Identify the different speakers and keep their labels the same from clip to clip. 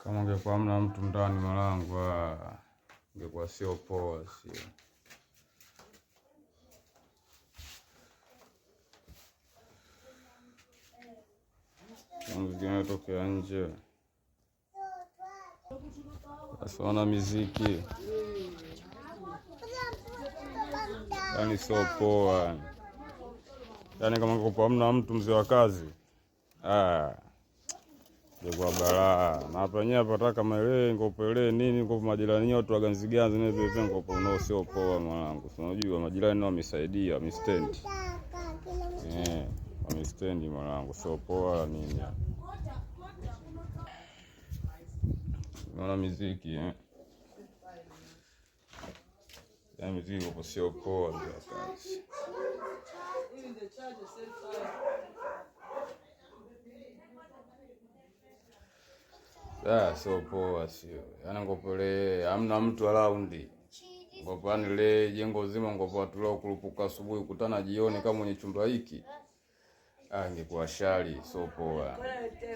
Speaker 1: Kama ungekuwa mna mtu ndani mwanangu, ah, ungekuwa sio poa, sio tokea nje asona miziki, hmm. yaani sio poa yani kama kupo hamna mtu mzee wa kazi ah, kwa balaa na hapa nyewe hapa pataka maele ngopelee nini kwa majirani yote waganziganzi nini vipi ngopo no sio poa mwanangu, unajua majirani nao wamesaidia wamestendi eh, wamestendi mwanangu, sio poa nini mwana muziki eh. Ya yaani muziki kwa sio poa ndio kazi within the church of St. Ah, so poa sio. Yaani ngopole hamna mtu around. Ngopani le jengo zima ngopo tulio kurupuka asubuhi kutana jioni kama mwenye chumba hiki. Ah, ingekuwa shari so poa.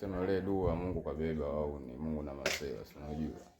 Speaker 1: Sema le dua Mungu kabeba beba au ni Mungu na masela, si unajua.